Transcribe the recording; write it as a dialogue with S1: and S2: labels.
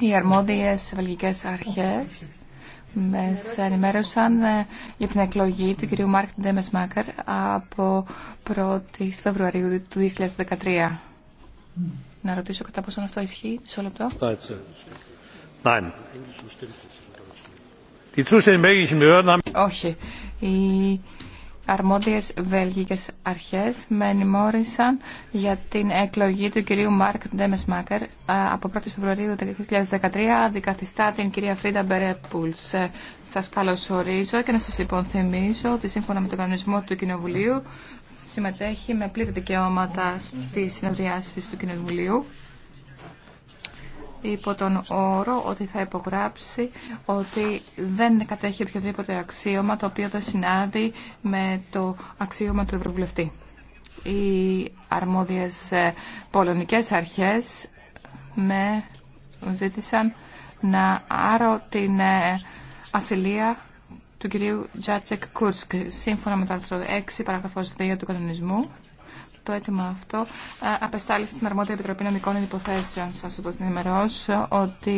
S1: Οι αρμόδιε βελγικέ αρχέ με ενημέρωσαν ε, για την εκλογή του κυρίου Μάρκ Ντέμεσμάκερ από 1η Φεβρουαρίου του 2013. Να ρωτήσω κατά πόσο αυτό ισχύει. Μισό λεπτό. Όχι. Οι αρμόδιες βέλγικες αρχές με ενημόρισαν για την εκλογή του κυρίου Μάρκ Ντέμεσμάκερ από 1η Φεβρουαρίου 2013 αντικαθιστά την κυρία Φρίντα Μπερέπουλς. Ε, σας καλωσορίζω και να σας υπονθυμίσω ότι σύμφωνα με τον κανονισμό του Κοινοβουλίου συμμετέχει με πλήρη δικαιώματα στις συνεδριάσεις του Κοινοβουλίου υπό τον όρο ότι θα υπογράψει ότι δεν κατέχει οποιοδήποτε αξίωμα το οποίο δεν συνάδει με το αξίωμα του Ευρωβουλευτή. Οι αρμόδιες ε, πολωνικές αρχές με ζήτησαν να άρω την ε, ασυλία του κυρίου Τζάτσεκ Κούρσκ σύμφωνα με το άρθρο 6 παραγραφός 2 του κανονισμού το αίτημα αυτό ε, απεστάλησε στην Αρμόδια Επιτροπή Νομικών Υποθέσεων. Σας ενημερώσω ότι